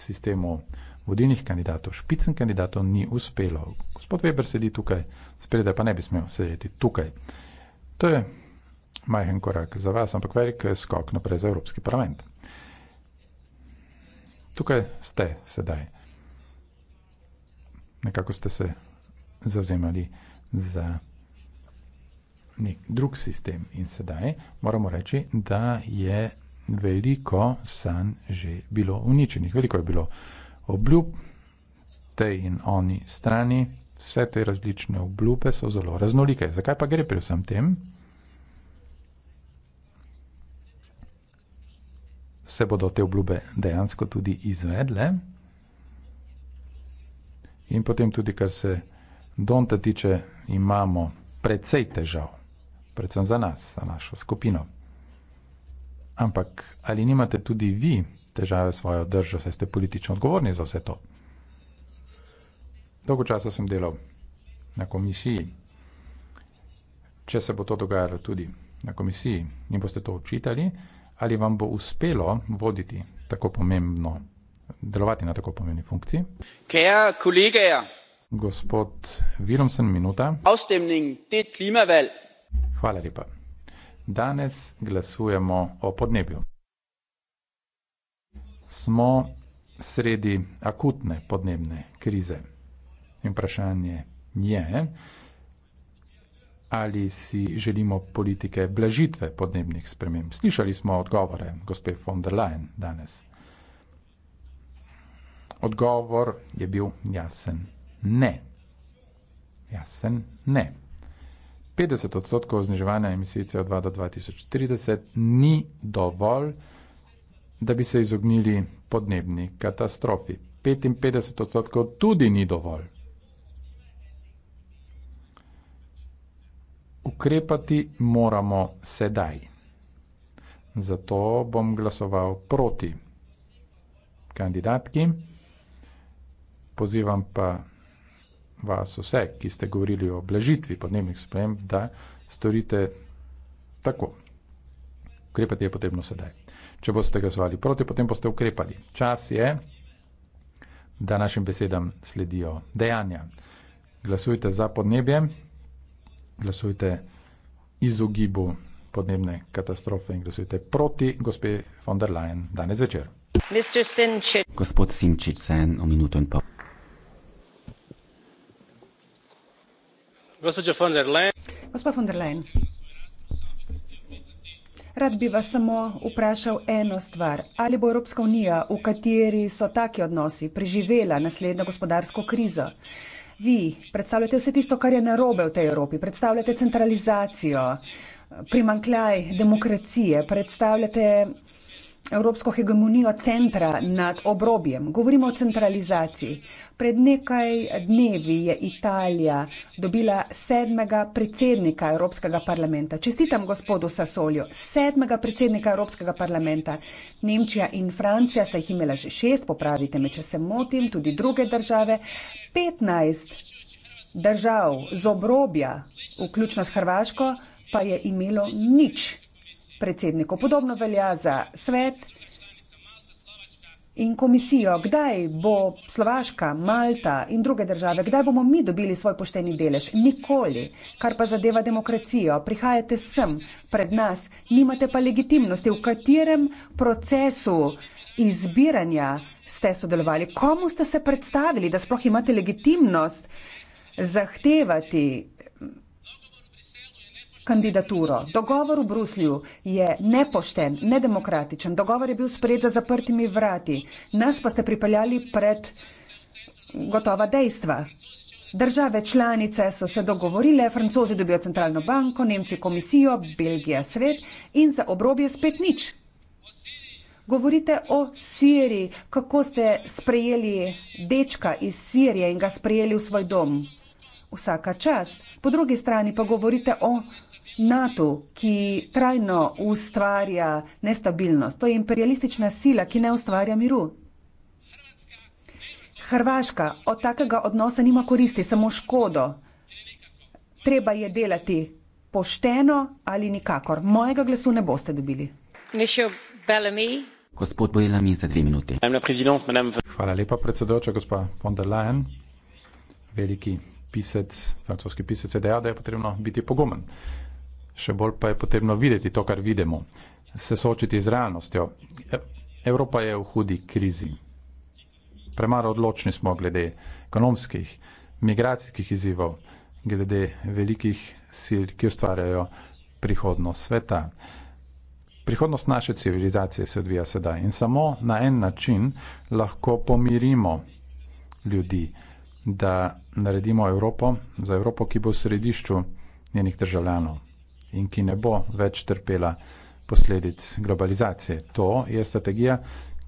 sistemu vodilnih kandidatov, špicen kandidatov, ni uspelo. Gospod Weber sedi tukaj, spredaj pa ne bi smel sedeti tukaj. To je majhen korak za vas, ampak velik skok naprej za Evropski parlament. Tukaj ste sedaj. Nekako ste se zauzemali za nek drug sistem in sedaj moramo reči, da je veliko sanj že bilo uničenih, veliko je bilo obljub tej in oni strani, vse te različne obljube so zelo raznolike. Zakaj pa gre pri vsem tem? Se bodo te obljube dejansko tudi izvedle? In potem tudi, kar se Donta tiče, imamo precej težav, predvsem za nas, za našo skupino. Ampak ali nimate tudi vi težave s svojo držo, saj ste politično odgovorni za vse to? Dolgo časa sem delal na komisiji. Če se bo to dogajalo tudi na komisiji in boste to učitali, ali vam bo uspelo voditi tako pomembno, delovati na tako pomembni funkciji? Kjer kolege je? Gospod Vilomsen, minuta. Avstemning, te er klimavel. Hvala lepa. Danes glasujemo o podnebju. Smo sredi akutne podnebne krize. In vprašanje je, ali si želimo politike blažitve podnebnih sprememb. Slišali smo odgovore gospe von der Leyen danes. Odgovor je bil jasen ne. Jasen ne. 50 odstotkov zniževanja emisij CO2 do 2030 ni dovolj, da bi se izognili podnebni katastrofi. 55 odstotkov tudi ni dovolj. Ukrepati moramo sedaj. Zato bom glasoval proti kandidatki, pozivam pa vas vse, ki ste govorili o blažitvi podnebnih sprememb, da storite tako. Ukrepati je potrebno sedaj. Če boste ga zvali proti, potem boste ukrepali. Čas je, da našim besedam sledijo dejanja. Glasujte za podnebje, glasujte izogibu podnebne katastrofe in glasujte proti gospe von der Leyen danes večer. Gospod Simčič, za eno minuto in pol. Gospa von der Leyen, rad bi vas samo vprašal eno stvar. Ali bo Evropska unija, v kateri so taki odnosi, preživela naslednjo gospodarsko krizo? Vi predstavljate vse tisto, kar je narobe v tej Evropi, predstavljate centralizacijo, primankljaj demokracije, predstavljate evropsko hegemonijo centra nad obrobjem. Govorimo o centralizaciji. Pred nekaj dnevi je Italija dobila sedmega predsednika Evropskega parlamenta. Čestitam gospodu Sasolju, sedmega predsednika Evropskega parlamenta. Nemčija in Francija sta jih imela že šest, popravite me, če se motim, tudi druge države. Petnajst držav z obrobja, vključno s Hrvaško, pa je imelo nič predsednikov. Podobno velja za svet in komisijo. Kdaj bo Slovaška, Malta in druge države, kdaj bomo mi dobili svoj pošteni delež? Nikoli. Kar pa zadeva demokracijo, prihajate sem, pred nas, nimate pa legitimnosti, v katerem procesu izbiranja ste sodelovali, komu ste se predstavili, da sploh imate legitimnost zahtevati kandidaturo. Dogovor v Bruslju je nepošten, nedemokratičen. Dogovor je bil spred za zaprtimi vrati. Nas pa ste pripeljali pred gotova dejstva. Države članice so se dogovorile, francozi dobijo centralno banko, nemci komisijo, Belgija svet in za obrobje spet nič. Govorite o Siriji, kako ste sprejeli dečka iz Sirije in ga sprejeli v svoj dom. Vsaka čast. Po drugi strani pa govorite o NATO, ki trajno ustvarja nestabilnost, to je imperialistična sila, ki ne ustvarja miru. Hrvaška od takega odnosa nima koristi, samo škodo. Treba je delati pošteno ali nikakor. Mojega glasu ne boste dobili. Gospod Bojlami za dve minuti. Hvala lepa, predsedujoča, gospa von der Leyen. Veliki pisec, francoski pisec je dejal, da je potrebno biti pogumen še bolj pa je potrebno videti to, kar vidimo, se soočiti z realnostjo. E, Evropa je v hudi krizi. Premalo odločni smo glede ekonomskih, migracijskih izzivov, glede velikih sil, ki ustvarjajo prihodnost sveta. Prihodnost naše civilizacije se odvija sedaj in samo na en način lahko pomirimo ljudi, da naredimo Evropo za Evropo, ki bo v središču njenih državljanov in ki ne bo več trpela posledic globalizacije. To je strategija,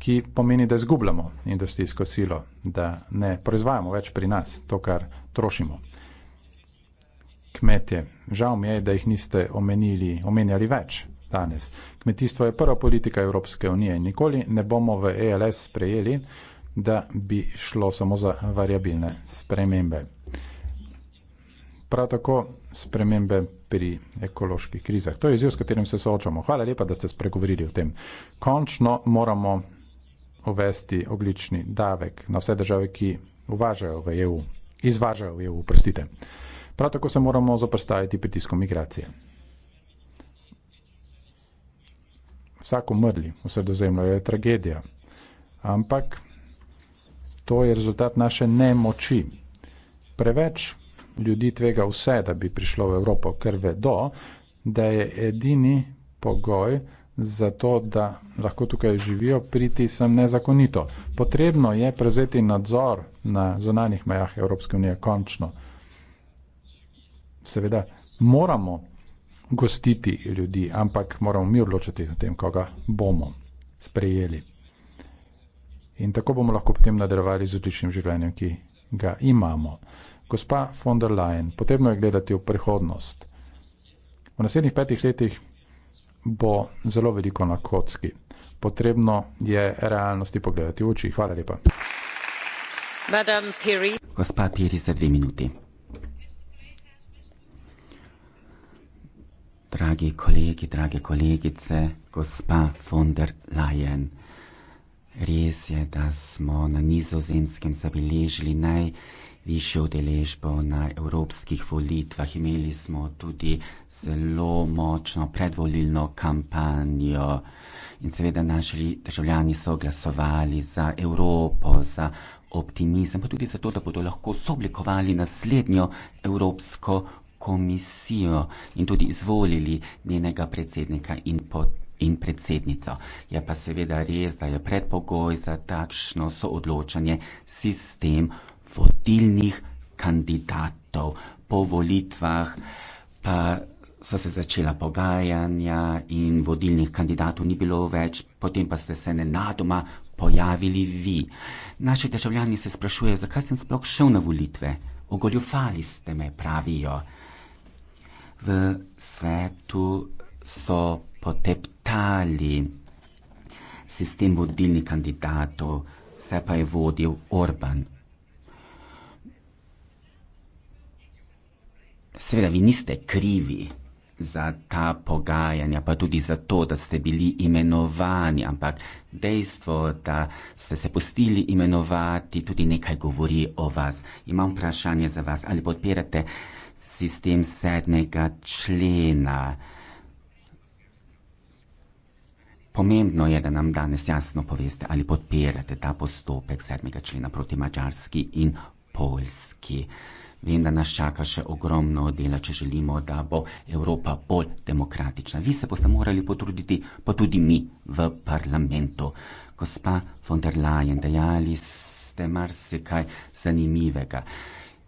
ki pomeni, da zgubljamo industrijsko silo, da ne proizvajamo več pri nas to, kar trošimo. Kmetje, žal mi je, da jih niste omenili, omenjali več danes. Kmetijstvo je prva politika Evropske unije in nikoli ne bomo v ELS sprejeli, da bi šlo samo za variabilne spremembe. Prav tako spremembe pri ekoloških krizah. To je izjiv, s katerim se soočamo. Hvala lepa, da ste spregovorili o tem. Končno moramo uvesti oglični davek na vse države, ki uvažajo v EU, izvažajo v EU, prostite. Prav tako se moramo zaprstaviti pritiskom migracije. Vsak umrli v sredozemlju je tragedija, ampak to je rezultat naše nemoči. Preveč ljudi tvega vse, da bi prišlo v Evropo, ker vedo, da je edini pogoj za to, da lahko tukaj živijo, priti sem nezakonito. Potrebno je prevzeti nadzor na zonanih mejah Evropske unije, končno. Seveda, moramo gostiti ljudi, ampak moramo mi odločiti o tem, koga bomo sprejeli. In tako bomo lahko potem nadaljevali z odličnim življenjem, ki ga imamo. Gospa von der Leyen, potrebno je gledati v prihodnost. V naslednjih petih letih bo zelo veliko na kocki. Potrebno je realnosti pogledati v oči. Hvala lepa. Piri. Gospa Piri za dve minuti. Dragi kolegi, drage kolegice, gospa von der Leyen. Res je, da smo na nizozemskem zabeležili najvišjo deležbo na evropskih volitvah. Imeli smo tudi zelo močno predvolilno kampanjo in seveda naši državljani so glasovali za Evropo, za optimizem, pa tudi zato, da bodo lahko soblikovali naslednjo Evropsko komisijo in tudi izvolili njenega predsednika in potem in predsednico. Je pa seveda res, da je predpogoj za takšno soodločanje sistem vodilnih kandidatov. Po volitvah pa so se začela pogajanja in vodilnih kandidatov ni bilo več, potem pa ste se nenadoma pojavili vi. Naši državljani se sprašujejo, zakaj sem sploh šel na volitve. Ogoljufali ste me, pravijo. V svetu so poteptali sistem vodilnih kandidatov, vse pa je vodil Orban. Seveda, vi niste krivi za ta pogajanja, pa tudi za to, da ste bili imenovani, ampak dejstvo, da ste se pustili imenovati, tudi nekaj govori o vas. Imam vprašanje za vas, ali podpirate sistem sedmega člena? Pomembno je, da nam danes jasno poveste, ali podpirate ta postopek sedmega člena proti mačarski in polski. Vem, da nas čaka še ogromno dela, če želimo, da bo Evropa bolj demokratična. Vi se boste morali potruditi, pa tudi mi v parlamentu. Gospa von der Leyen, dejali ste marsikaj zanimivega.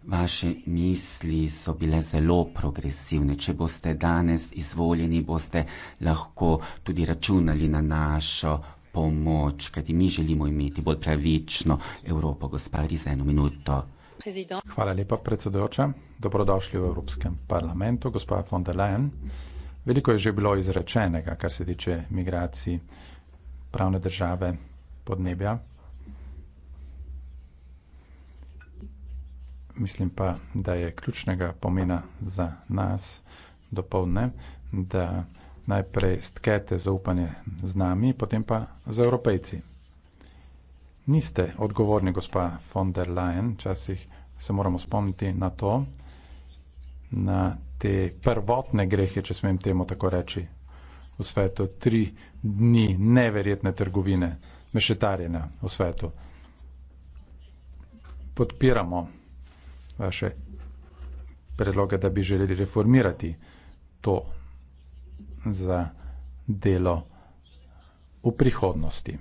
Vaše misli so bile zelo progresivne. Če boste danes izvoljeni, boste lahko tudi računali na našo pomoč, kajti mi želimo imeti bolj pravično Evropo, gospa Riz, eno minuto. Hvala lepa, predsedujoča. Dobrodošli v Evropskem parlamentu, gospa von der Leyen. Veliko je že bilo izrečenega, kar se tiče migracij, pravne države, podnebja. mislim pa, da je ključnega pomena za nas dopolne, da najprej stkete zaupanje z nami, potem pa z evropejci. Niste odgovorni, gospa von der Leyen, včasih se moramo spomniti na to, na te prvotne grehe, če smem temu tako reči, v svetu. Tri dni neverjetne trgovine, mešetarjenja v svetu. Podpiramo vaše predloge, da bi želeli reformirati to za delo v prihodnosti.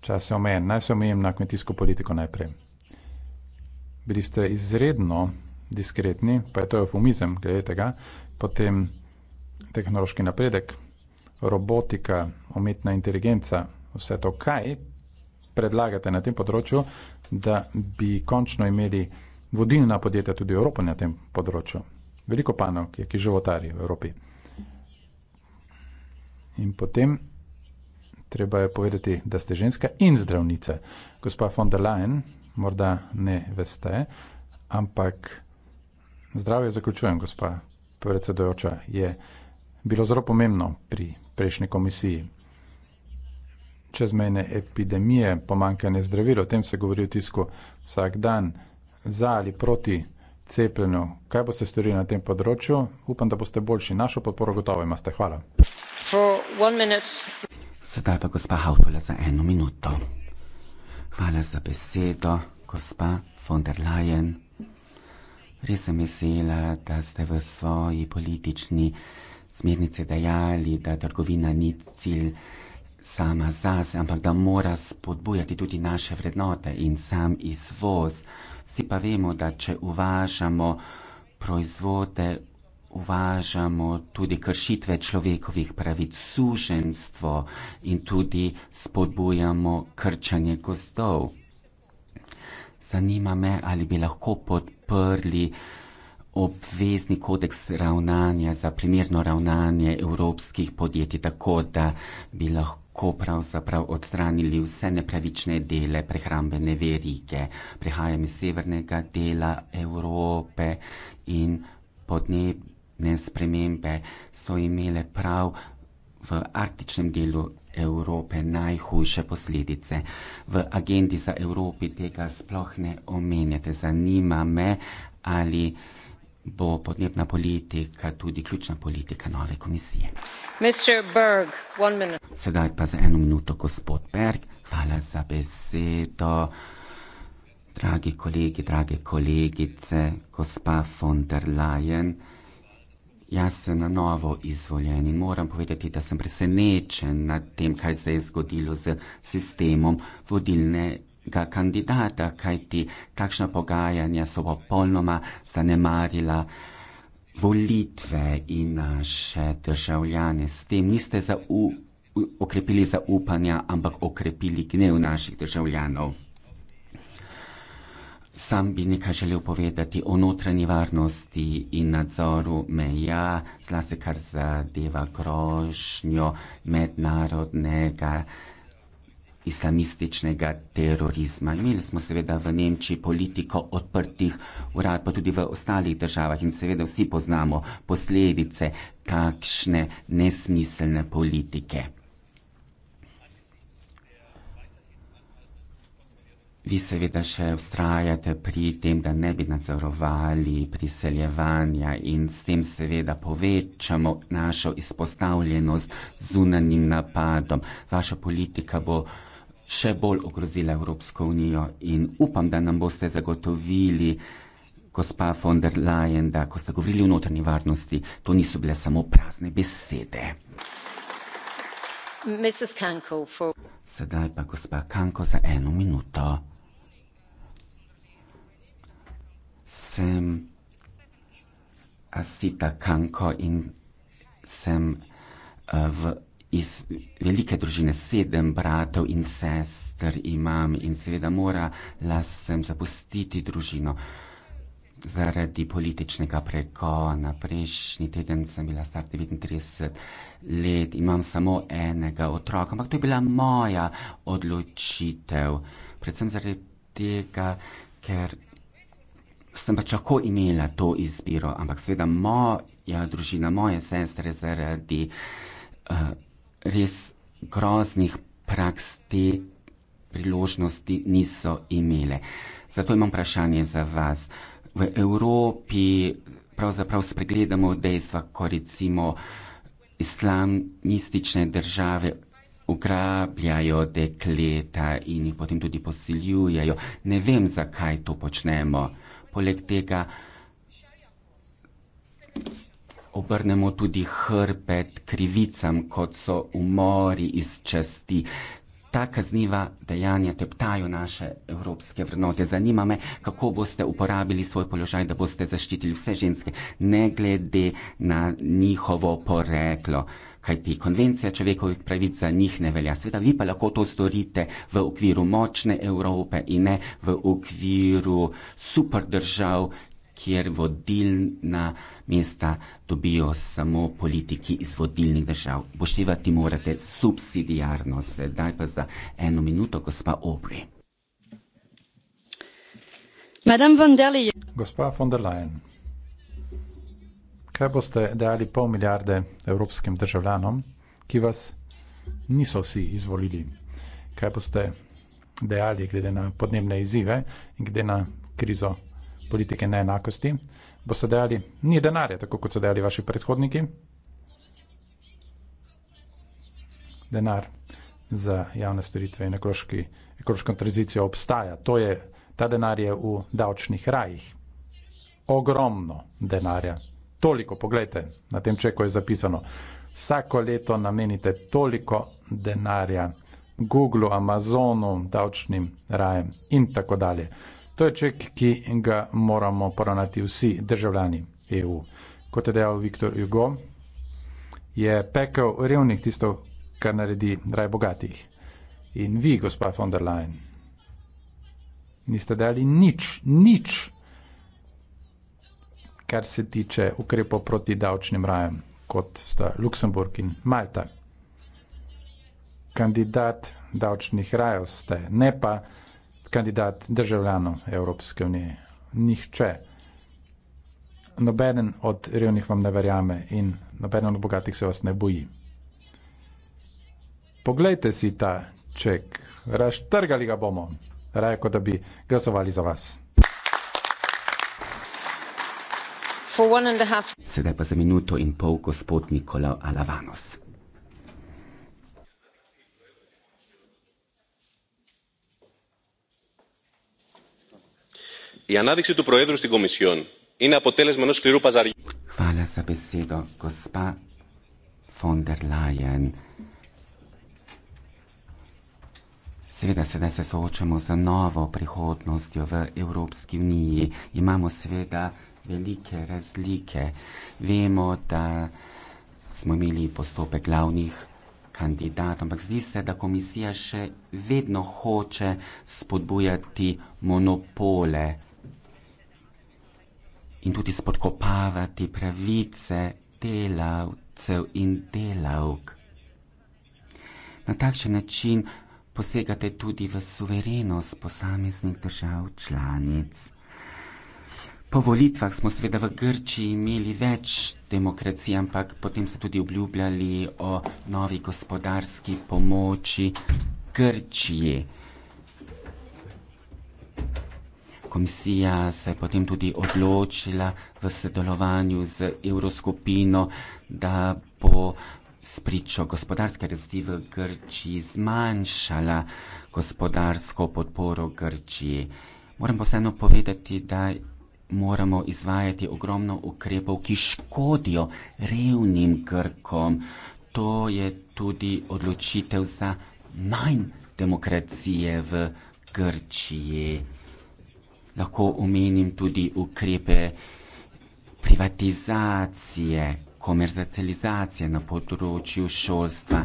Čas je omejen. Naj se omejim na kmetijsko politiko najprej. Bili ste izredno diskretni, pa je to eufemizem, glede tega, potem tehnološki napredek, robotika, umetna inteligenca, vse to, kaj predlagate na tem področju, da bi končno imeli vodilna podjetja tudi Evropa na tem področju. Veliko panog je, ki životari v Evropi. In potem treba je povedati, da ste ženska in zdravnica. Gospa von der Leyen, morda ne veste, ampak zdravje zaključujem, gospa predsedojoča, je bilo zelo pomembno pri prejšnji komisiji. Čezmejne epidemije, pomankanje zdravil, o tem se govori v tisku vsak dan za ali proti cepljenju, kaj boste storili na tem področju. Upam, da boste boljši. Našo podporo gotovo imate. Hvala. Sedaj pa gospa Hautvola za eno minuto. Hvala za besedo, gospa von der Leyen. Res sem vesela, da ste v svoji politični smernici dejali, da trgovina ni cilj sama zase, ampak da mora spodbujati tudi naše vrednote in sam izvoz. Vsi pa vemo, da če uvažamo proizvode, uvažamo tudi kršitve človekovih pravic, suženstvo in tudi spodbujamo krčanje gozdov. Zanima me, ali bi lahko podprli obvezni kodeks ravnanja za primerno ravnanje evropskih podjetij, tako da bi lahko ko pravzaprav odstranili vse nepravične dele prehrambene verige. Prihajam iz severnega dela Evrope in podnebne spremembe so imele prav v arktičnem delu Evrope najhujše posledice. V agendi za Evropi tega sploh ne omenjate. Zanima me, ali bo podnebna politika tudi ključna politika nove komisije. Berg, Sedaj pa za eno minuto, gospod Berg, hvala za besedo. Dragi kolegi, drage kolegice, gospa von der Leyen, jaz sem na novo izvoljen in moram povedati, da sem presenečen nad tem, kaj se je zgodilo z sistemom vodilne ga kandidata, kajti takšna pogajanja so popolnoma zanemarila volitve in naše državljane. S tem niste zau, okrepili zaupanja, ampak okrepili gnev naših državljanov. Sam bi nekaj želel povedati o notranji varnosti in nadzoru meja, zlasti kar zadeva grožnjo mednarodnega islamističnega terorizma. Imeli smo seveda v Nemčiji politiko odprtih urad, pa tudi v ostalih državah in seveda vsi poznamo posledice takšne nesmiselne politike. Vi seveda še ustrajate pri tem, da ne bi nadzorovali priseljevanja in s tem seveda povečamo našo izpostavljenost zunanjim napadom. Vaša politika bo še bolj ogrozila Evropsko unijo in upam, da nam boste zagotovili, gospa von der Leyen, da ko ste govorili o notranji varnosti, to niso bile samo prazne besede. Sedaj pa gospa Kanko za eno minuto. Sem Asita Kanko in sem uh, v iz velike družine, sedem bratov in sester imam in seveda mora lasem zapustiti družino. Zaradi političnega pregona prejšnji teden sem bila star 39 let, imam samo enega otroka, ampak to je bila moja odločitev. Predvsem zaradi tega, ker sem pač lahko imela to izbiro, ampak seveda moja družina, moje sestre zaradi uh, res groznih praks te priložnosti niso imele. Zato imam vprašanje za vas. V Evropi pravzaprav spregledamo dejstva, ko recimo islamistične države ugrabljajo dekleta in jih potem tudi posiljujejo. Ne vem, zakaj to počnemo. Poleg tega obrnemo tudi hrbet krivicam, kot so umori iz časti. Ta kazniva dejanja teptajo naše evropske vrednote. Zanima me, kako boste uporabili svoj položaj, da boste zaščitili vse ženske, ne glede na njihovo poreklo. Kaj ti konvencija človekovih pravic za njih ne velja? Sveda, vi pa lahko to storite v okviru močne Evrope in ne v okviru super držav, kjer vodilna mesta dobijo samo politiki iz vodilnih držav. Poštevati morate subsidijarnost. Zdaj pa za eno minuto, gospa Obri. Gospa von der Leyen, kaj boste dali pol milijarde evropskim državljanom, ki vas niso vsi izvolili? Kaj boste dejali glede na podnebne izzive in glede na krizo politike neenakosti? boste dajali, ni denarja, tako kot so dajali vaši predhodniki, denar za javne storitve in ekološki, ekološko tranzicijo obstaja. To je, ta denar je v davčnih rajih. Ogromno denarja. Toliko, pogledajte, na tem čeku je zapisano. Vsako leto namenite toliko denarja Google, Amazonu, davčnim rajem in tako dalje. To je ček, ki ga moramo poravnati vsi državljani EU. Kot je dejal Viktor Hugo, je pekel revnih tisto, kar naredi raj bogatih. In vi, gospa von der Leyen, niste dali nič, nič, kar se tiče ukrepov proti davčnim rajem, kot sta Luksemburg in Malta. Kandidat davčnih rajev ste, ne pa kandidat državljanov Evropske unije. Nihče. Nobenen od revnih vam ne verjame in nobenen od bogatih se vas ne boji. Poglejte si ta ček. Raštrgali ga bomo. Raje, kot da bi glasovali za vas. For one and a half. Sedaj pa za minuto in pol gospod Nikola Alavanos. η ανάδειξη του Προέδρου στην Κομισιόν είναι αποτέλεσμα ενό σκληρού παζαριού. Seveda, sedaj se soočamo z novo prihodnostjo v Evropski uniji. Imamo seveda velike razlike. Vemo, da smo imeli postopek glavnih kandidatov, ampak zdi se, da komisija še vedno hoče spodbujati monopole in tudi spodkopavati pravice delavcev in delavk. Na takšen način posegate tudi v suverenost posameznih držav članic. Po volitvah smo seveda v Grčiji imeli več demokracije, ampak potem ste tudi obljubljali o novi gospodarski pomoči Grčiji. komisija se je potem tudi odločila v sodelovanju z evroskupino, da bo spričo gospodarske rasti v Grčiji zmanjšala gospodarsko podporo Grčiji. Moram pa vseeno povedati, da moramo izvajati ogromno ukrepov, ki škodijo revnim Grkom. To je tudi odločitev za manj demokracije v Grčiji lahko omenim tudi ukrepe privatizacije, komercializacije na področju šolstva.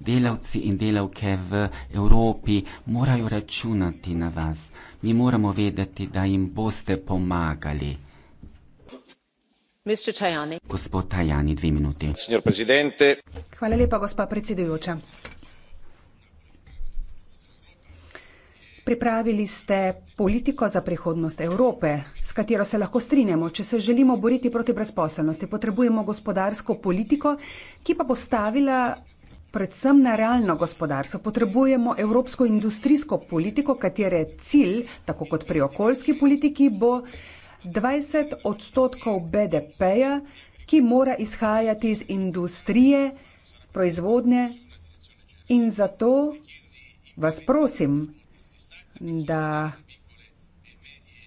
Delavci in delavke v Evropi morajo računati na vas. Mi moramo vedeti, da jim boste pomagali. Gospod Tajani, dve minuti. Hvala lepa, gospa predsedujoča. Pripravili ste politiko za prihodnost Evrope, s katero se lahko strinjamo. Če se želimo boriti proti brezposelnosti, potrebujemo gospodarsko politiko, ki pa bo stavila predvsem na realno gospodarstvo. Potrebujemo evropsko industrijsko politiko, katere cilj, tako kot pri okoljski politiki, bo 20 odstotkov BDP-ja, ki mora izhajati iz industrije, proizvodnje in zato vas prosim, da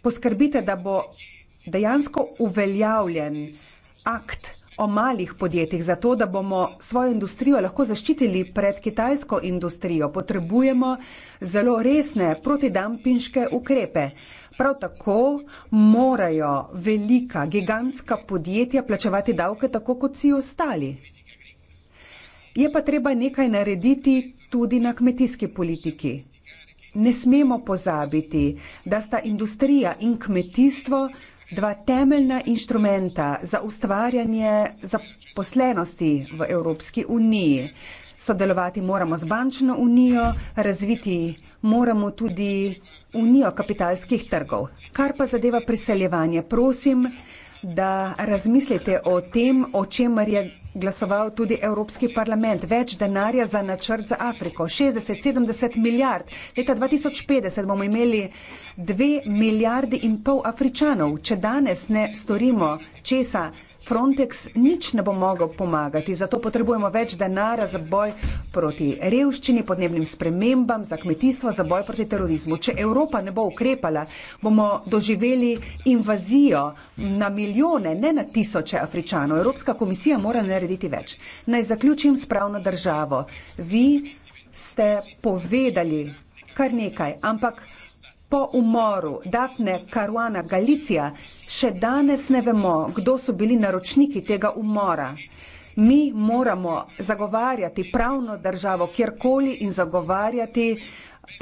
poskrbite, da bo dejansko uveljavljen akt o malih podjetjih, zato da bomo svojo industrijo lahko zaščitili pred kitajsko industrijo. Potrebujemo zelo resne protidampinške ukrepe. Prav tako morajo velika, gigantska podjetja plačevati davke tako kot vsi ostali. Je pa treba nekaj narediti tudi na kmetijski politiki ne smemo pozabiti, da sta industrija in kmetijstvo dva temeljna inštrumenta za ustvarjanje zaposlenosti v Evropski uniji. Sodelovati moramo z bančno unijo, razviti moramo tudi unijo kapitalskih trgov. Kar pa zadeva priseljevanje, prosim, da razmislite o tem, o čemer je glasoval tudi Evropski parlament. Več denarja za načrt za Afriko. 60-70 milijard. Leta 2050 bomo imeli 2 milijardi in pol Afričanov. Če danes ne storimo česa, Frontex nič ne bo mogel pomagati, zato potrebujemo več denara za boj proti revščini, podnebnim spremembam, za kmetijstvo, za boj proti terorizmu. Če Evropa ne bo ukrepala, bomo doživeli invazijo na milijone, ne na tisoče Afričanov. Evropska komisija mora narediti več. Naj zaključim s pravno državo. Vi ste povedali kar nekaj, ampak. Po umoru Dafne Caruana Galicija še danes ne vemo, kdo so bili naročniki tega umora. Mi moramo zagovarjati pravno državo kjerkoli in zagovarjati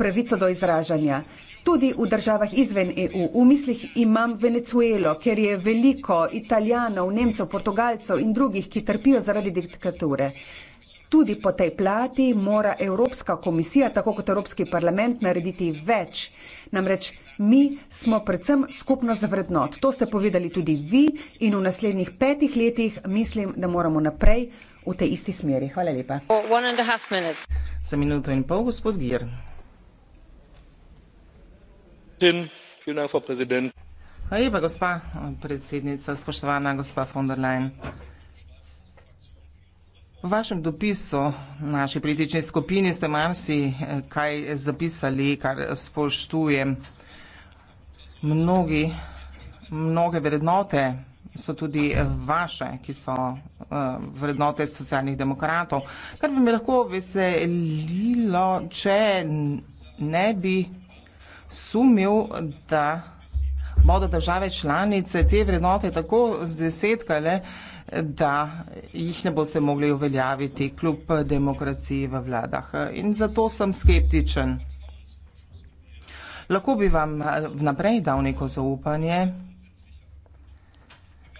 pravico do izražanja. Tudi v državah izven EU. V mislih imam Venezuelo, kjer je veliko Italijanov, Nemcev, Portugalcev in drugih, ki trpijo zaradi diktature. Tudi po tej plati mora Evropska komisija, tako kot Evropski parlament, narediti več. Namreč mi smo predvsem skupnost vrednot. To ste povedali tudi vi in v naslednjih petih letih mislim, da moramo naprej v tej isti smeri. Hvala lepa. Za minuto in pol, gospod Gir. Hvala lepa, gospa predsednica, spoštovana gospa von der Leyen. V vašem dopisu naši politični skupini ste marsi eh, kaj zapisali, kar spoštujem. Mnogi, mnoge vrednote so tudi eh, vaše, ki so eh, vrednote socialnih demokratov. Kar bi me lahko veselilo, če ne bi sumil, da vrednote bodo države članice te vrednote tako zdesetkale, da jih ne boste mogli uveljaviti kljub demokraciji v vladah. In zato sem skeptičen. Lahko bi vam eh, vnaprej dal neko zaupanje,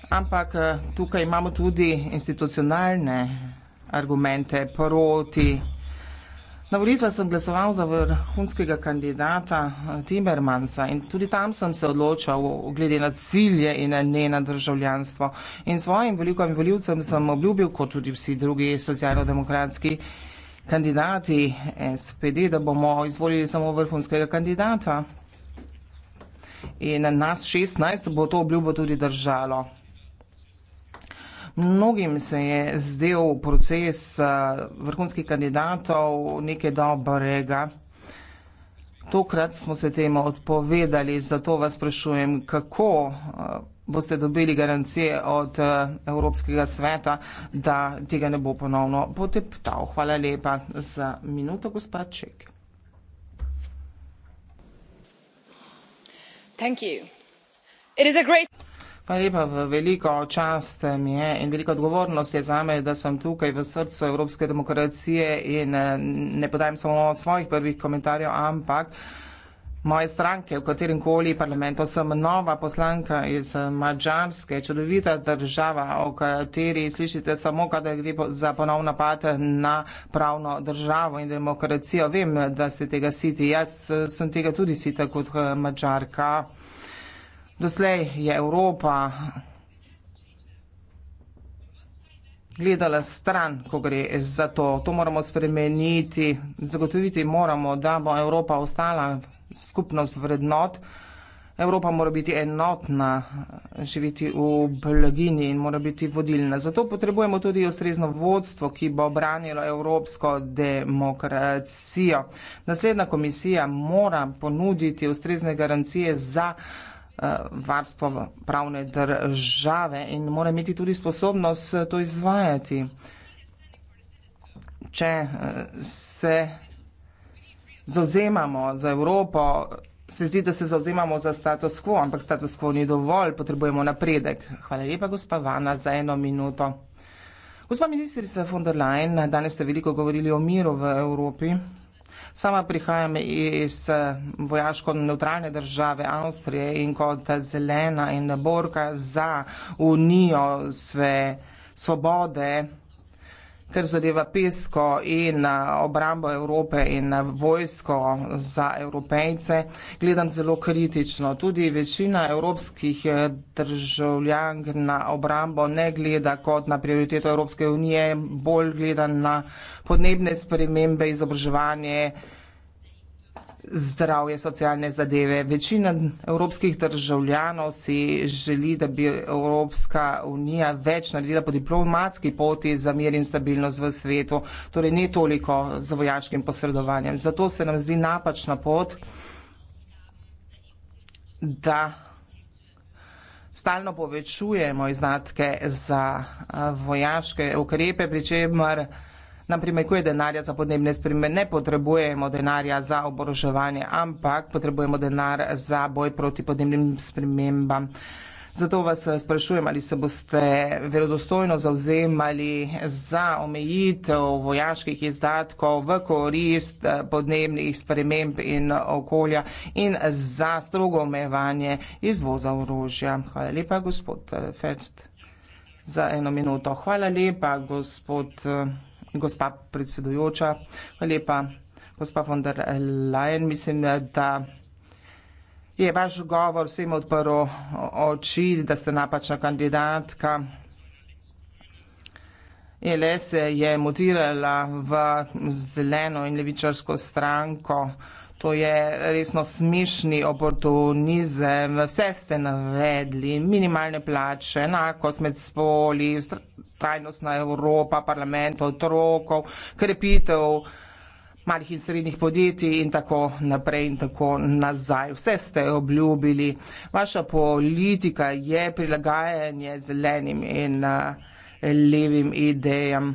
ampak eh, tukaj imamo tudi institucionalne argumente proti Na volitvah sem glasoval za vrhunskega kandidata eh, Timmermansa in tudi tam sem se odločal glede na cilje in ne eh, na državljanstvo. In svojim velikim voljivcem sem obljubil, kot tudi vsi drugi socialno-demokratski kandidati SPD, da bomo izvolili samo vrhunskega kandidata. In eh, nas 16 bo to obljubo tudi držalo. Mnogim se je zdel proces eh, vrhunskih kandidatov nekaj dobrega. Tokrat smo se temu odpovedali, zato vas sprašujem, kako eh, boste dobili garancije od eh, Evropskega sveta, da tega ne bo ponovno poteptal. Hvala lepa za minuto, gospod Ček. Thank you. It is a great... Hvala lepa, veliko čast mi je in veliko odgovornost je za me, da sem tukaj v srcu evropske demokracije in ne podajam samo svojih prvih komentarjev, ampak moje stranke, v katerem koli parlamentu, sem nova poslanka iz Mačarske, čudovita država, o kateri slišite samo, kada gre za ponovno napad na pravno državo in demokracijo. Vem, da ste tega siti. Jaz sem tega tudi sita kot Mačarka. Doslej je Evropa gledala stran, ko gre za to. To moramo spremeniti. Zagotoviti moramo, da bo Evropa ostala skupnost vrednot. Evropa mora biti enotna, živeti v blagini in mora biti vodilna. Zato potrebujemo tudi ustrezno vodstvo, ki bo branilo evropsko demokracijo. Naslednja komisija mora ponuditi ustrezne garancije za demokracijo. Eh, varstvo pravne države in mora imeti tudi sposobnost eh, to izvajati. Če eh, se zauzemamo za Evropo, se zdi, da se zauzemamo za status quo, ampak status quo ni dovolj, potrebujemo napredek. Hvala lepa, gospa Vana, za eno minuto. Gospa ministrica von der Leyen, danes ste veliko govorili o miru v Evropi. Sama prihajam iz eh, vojaško-neutralne države Avstrije in kot zelena in borka za unijo sve svobode, kar zadeva pesko in na obrambo Evrope in na vojsko za evropejce, gledam zelo kritično. Tudi večina evropskih e, državljank na obrambo ne gleda kot na prioriteto Evropske unije, bolj gleda na podnebne spremembe, izobraževanje, zdravje, socialne zadeve. Večina evropskih državljanov si želi, da bi Evropska unija več naredila po diplomatski poti za mir in stabilnost v svetu, torej ne toliko z vojaškim posredovanjem. Zato se nam zdi napačna pot, da stalno povečujemo izdatke za vojaške ukrepe, pri čemer nam primekuje denarja za podnebne spremembe, ne potrebujemo denarja za oboroževanje, ampak potrebujemo denar za boj proti podnebnim spremembam. Zato vas eh, sprašujem, ali se boste verodostojno zauzemali za omejitev vojaških izdatkov v korist eh, podnebnih sprememb in okolja in za strogo omejevanje izvoza orožja. Hvala lepa, gospod eh, Ferst, za eno minuto. Hvala lepa, gospod gospa predsedujoča, lepa gospa von der Leyen, mislim, da je vaš govor vsem odprl oči, da ste napačna kandidatka. E LS je mutirala v zeleno in levičarsko stranko. To je resno smešni oportunizem. Vse ste navedli, minimalne plače, enakost med spoli, trajnostna Evropa, parlament otrokov, krepitev malih in srednjih podjetij in tako naprej in tako nazaj. Vse ste obljubili. Vaša politika je prilagajanje zelenim in uh, levim idejam.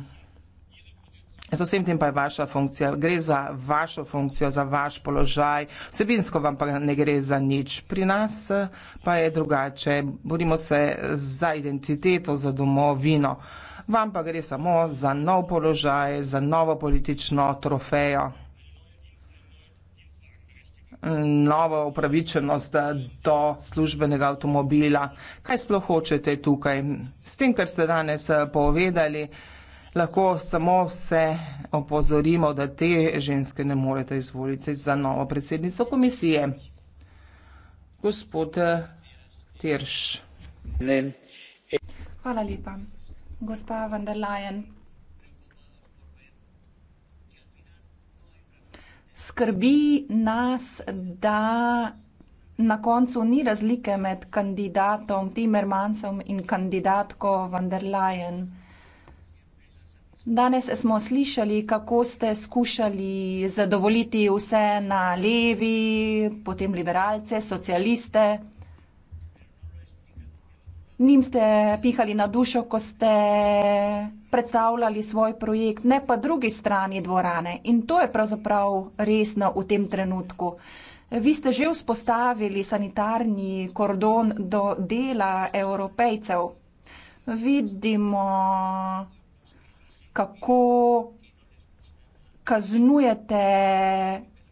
Z vsem tem pa je vaša funkcija, gre za vašo funkcijo, za vaš položaj, vsebinsko vam pa ne gre za nič. Pri nas eh, pa je drugače, borimo se za identiteto, za domovino, vam pa gre samo za nov položaj, za novo politično trofejo, novo upravičenost eh, do službenega avtomobila. Kaj sploh hočete tukaj? S tem, kar ste danes eh, povedali, lahko samo vse opozorimo, da te ženske ne morete izvoliti za novo predsednico komisije. Gospod eh, Tirš. Hvala lepa. Gospa van der Leyen. Skrbi nas, da na koncu ni razlike med kandidatom Timmermansom in kandidatko van der Leyen. Danes smo slišali, kako ste skušali zadovoljiti vse na levi, potem liberalce, socialiste. Nim ste pihali na dušo, ko ste predstavljali svoj projekt, ne pa drugi strani dvorane. In to je pravzaprav resno v tem trenutku. Vi ste že vzpostavili sanitarni kordon do dela evropejcev. Vidimo kako kaznujete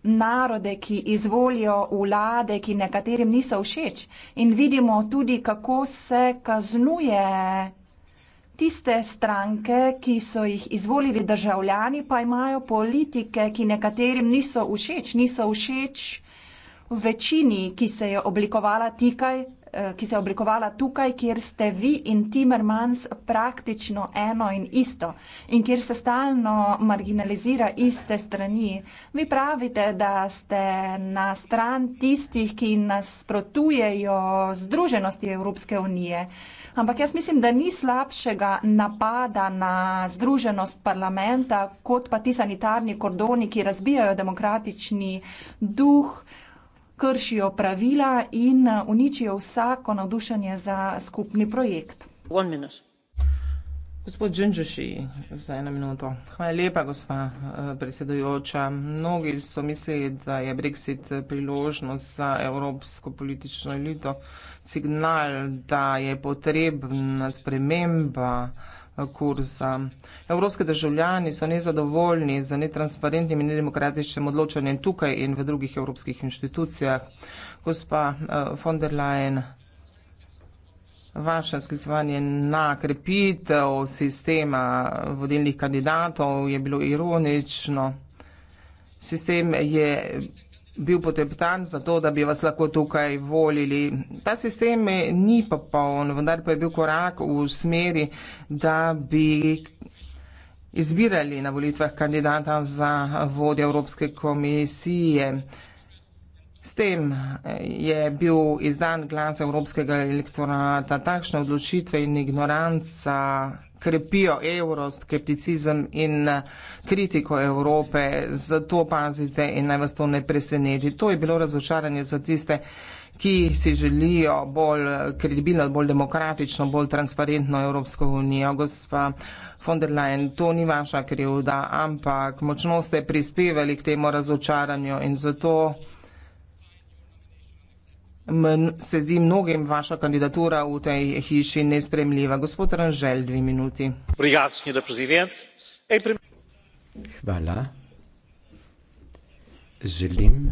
narode, ki izvolijo vlade, ki nekaterim niso všeč. In vidimo tudi, kako se kaznuje tiste stranke, ki so jih izvolili državljani, pa imajo politike, ki nekaterim niso všeč, niso všeč večini, ki se je oblikovala tikaj Eh, ki se je oblikovala tukaj, kjer ste vi in Timmermans praktično eno in isto in kjer se stalno marginalizira iste strani. Vi pravite, da ste na stran tistih, ki nasprotujejo Združenosti Evropske unije. Ampak jaz mislim, da ni slabšega napada na združenost parlamenta kot pa ti sanitarni kordoni, ki razbijajo demokratični duh kršijo pravila in eh, uničijo vsako navdušenje za skupni projekt. Gospod Džinžuši, za eno minuto. Hvala lepa, gospa eh, predsedujoča. Mnogi so mislili, da je Brexit priložnost za evropsko politično elito, signal, da je potrebna sprememba kursa. Evropske državljani so nezadovoljni z netransparentnim in nedemokratičnim odločanjem tukaj in v drugih evropskih inštitucijah. Gospa eh, von der Leyen, vaše sklicovanje na krepitev sistema vodilnih kandidatov je bilo ironično. Sistem je bil poteptan zato, da bi vas lahko tukaj volili. Ta sistem ni popoln, vendar pa je bil korak v smeri, da bi izbirali na volitvah kandidata za vodje Evropske komisije. S tem eh, je bil izdan glas Evropskega elektorata. Takšne odločitve in ignoranca krepijo evro, skepticizem in eh, kritiko Evrope. Zato pazite in naj vas to ne preseneči. To je bilo razočaranje za tiste, ki si želijo bolj eh, kredibilno, bolj demokratično, bolj transparentno Evropsko unijo. Gospa von der Leyen, to ni vaša krivda, ampak močno ste prispevali k temu razočaranju in zato. Men, se zdi mnogim vaša kandidatura v tej hiši nespremljiva. Gospod Ranžel, dve minuti. Hvala. Želim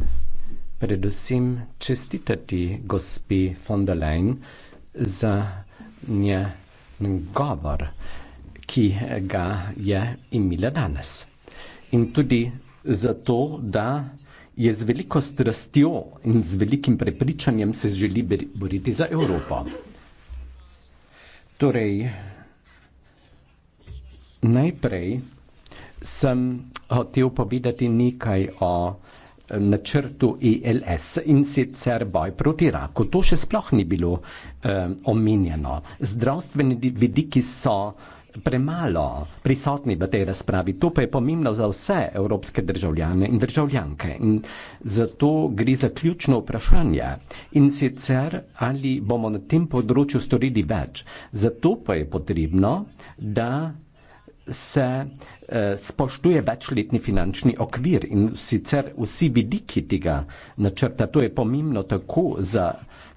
predvsem čestitati gospi von der Leyen za njen govor, ki ga je imela danes. In tudi zato, da je z veliko strastjo in z velikim prepričanjem se želi boriti za Evropo. Torej, najprej sem hotel povedati nekaj o načrtu ELS in sicer boj proti raku. To še sploh ni bilo um, omenjeno. Zdravstveni vidiki so premalo prisotni v tej razpravi. To pa je pomembno za vse evropske državljane in državljanke. In zato gre za ključno vprašanje in sicer, ali bomo na tem področju storili več. Zato pa je potrebno, da se eh, spoštuje večletni finančni okvir in sicer vsi vidiki tega načrta. To je pomembno tako za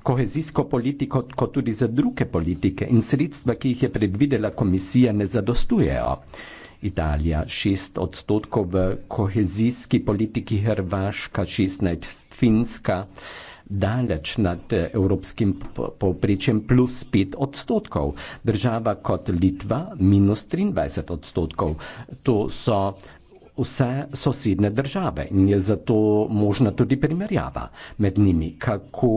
kohezijsko politiko, kot tudi za druge politike in sredstva, ki jih je predvidela komisija, ne zadostujejo. Italija 6 odstotkov v kohezijski politiki, Hrvaška 16, Finska daleč nad eh, evropskim povprečjem plus 5 odstotkov, država kot Litva minus 23 odstotkov. To so uh, vse sosedne države in je zato možna tudi primerjava med njimi, kako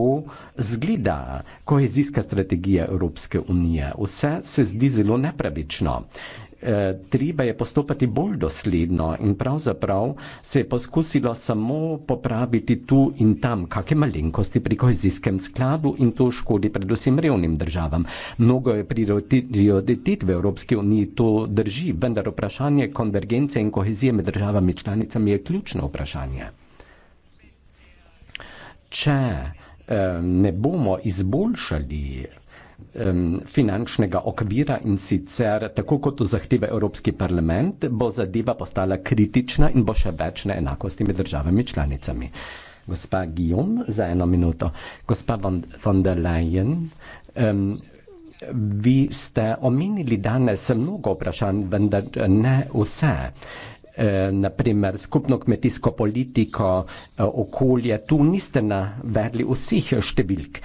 zgleda kohezijska strategija Evropske unije. Vse se zdi zelo nepravično. Eh, treba je postopati bolj dosledno in pravzaprav se je poskusilo samo popraviti tu in tam kakšne malenkosti pri kohezijskem skladu in to škodi predvsem revnim državam. Mnogo je prioritet v Evropski uniji, to drži, vendar vprašanje konvergence in kohezije med državami članicami je ključno vprašanje. Če eh, ne bomo izboljšali finančnega okvira in sicer, tako kot to zahteva Evropski parlament, bo zadeva postala kritična in bo še več neenakosti med državami članicami. Gospa Guillaume, za eno minuto. Gospa von der Leyen, um, vi ste omenili danes mnogo vprašanj, vendar ne vse. E, Naprimer, skupno kmetijsko politiko, e, okolje, tu niste navedli vseh številk.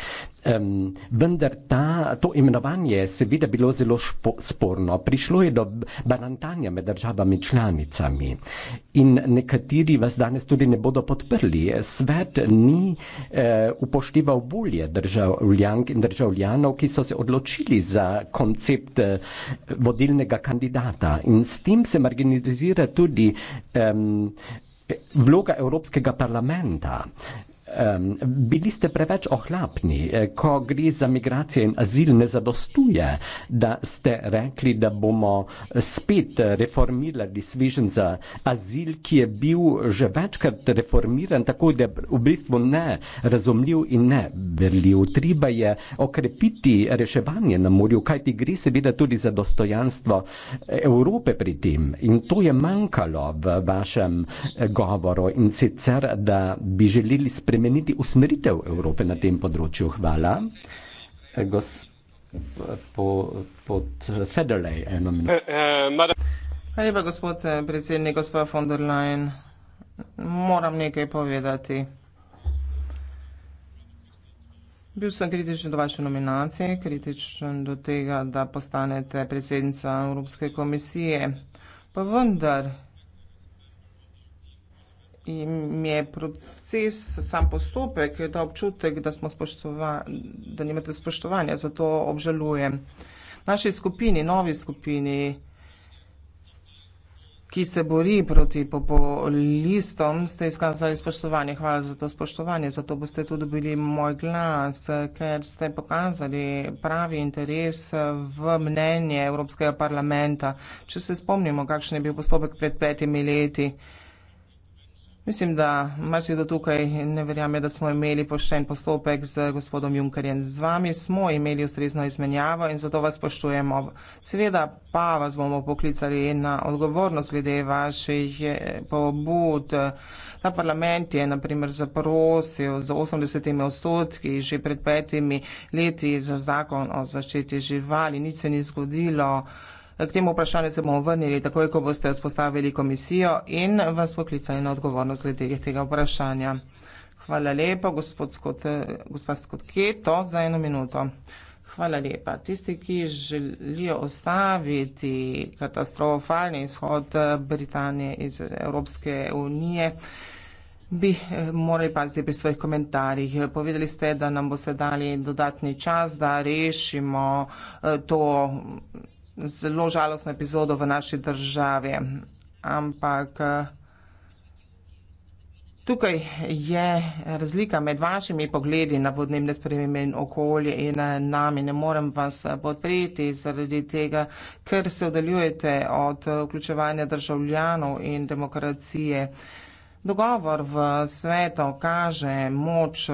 Um, vendar ta, to imenovanje je seveda bilo zelo špo, sporno. Prišlo je do balantanja med državami članicami in nekateri vas danes tudi ne bodo podprli. Svet ni uh, upošteval volje državljank in državljanov, ki so se odločili za koncept uh, vodilnega kandidata in s tem se marginalizira tudi um, vloga Evropskega parlamenta um, bili ste preveč ohlapni, eh, ko gre za migracije in azil, ne zadostuje, da ste rekli, da bomo spet reformirali svižen za azil, ki je bil že večkrat reformiran, tako da je v bistvu ne razumljiv in ne verljiv. Treba je okrepiti reševanje na morju, kajti gre seveda tudi za dostojanstvo Evrope pri tem. In to je manjkalo v vašem eh, govoru in sicer, da bi želeli spremeniti spremeniti usmeritev Evrope na tem področju. Hvala. Gospod Federlej, eno minuto. Eh, eh, Hvala lepa, gospod eh, predsednik, gospod von der Leyen. Moram nekaj povedati. Bil sem kritičen do vaše nominacije, kritičen do tega, da postanete predsednica Evropske komisije. Pa vendar, jim je proces, sam postopek, ta občutek, da, da nimate spoštovanja, zato obžalujem. Naši skupini, novi skupini, ki se bori proti populistom, ste izkazali spoštovanje. Hvala za to spoštovanje, zato boste tudi bili moj glas, ker ste pokazali pravi interes v mnenje Evropskega parlamenta. Če se spomnimo, kakšen je bil postopek pred petimi leti. Mislim, da marsikdo tukaj ne verjame, da smo imeli pošten postopek z gospodom Junkerjem. Z vami smo imeli ustrezno izmenjavo in zato vas poštujemo. Seveda pa vas bomo poklicali na odgovornost glede vaših eh, pobud. Ta parlament je naprimer zaprosil z 80 odstotki že pred petimi leti za zakon o zaščiti živali. Nič se ni zgodilo. K temu vprašanju se bomo vrnili takoj, ko boste vzpostavili komisijo in vas poklicali na odgovornost glede tega vprašanja. Hvala lepa, gospa Skotketo, za eno minuto. Hvala lepa. Tisti, ki želijo ostaviti katastrofalni izhod Britanije iz Evropske unije, bi morali paziti pri svojih komentarjih. Povedali ste, da nam boste dali dodatni čas, da rešimo eh, to vprašanje zelo žalostno epizodo v naši državi. Ampak tukaj je razlika med vašimi pogledi na podnebne spremembe in okolje in nami. Ne morem vas podpreti zaradi tega, ker se oddaljujete od vključevanja državljanov in demokracije. Dogovor v svetu kaže moč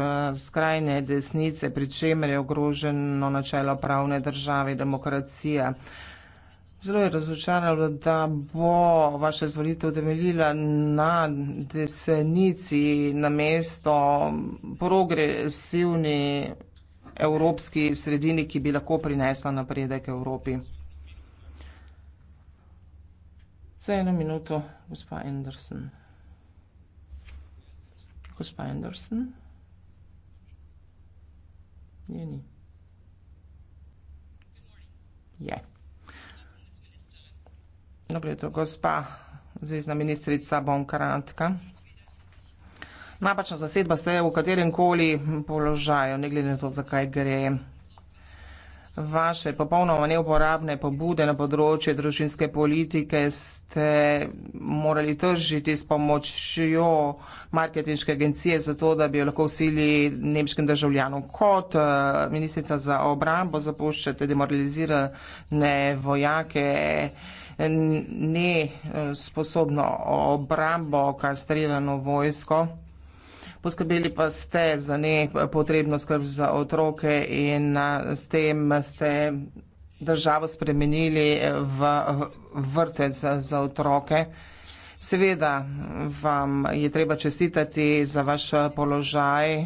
skrajne desnice, pri čemer je ogroženo načelo pravne države, demokracija. Zelo je razočaralo, da bo vaša zvolitev temeljila na desnici na mesto progresivni evropski sredini, ki bi lahko prinesla napredek Evropi. Za eno minuto, gospa Anderson. Gospa Anderson. Je ni. Je. Yeah. Dobro jutro, gospa zvezdna ministrica Bonkarantka. Napačna zasedba ste v katerem koli položaju, ne glede na to, zakaj gre. Vaše popolnoma neuporabne pobude na področje družinske politike ste morali tržiti s pomočjo marketinške agencije za to, da bi jo lahko usili nemškim državljanom. Kot eh, ministrica za obrambo zapuščate demoralizirane vojake, ne eh, sposobno obrambo, kastrirano vojsko. Poskrbeli pa ste za ne potrebno skrb za otroke in eh, s tem ste državo spremenili v vrtec za otroke. Seveda vam je treba čestitati za vaš položaj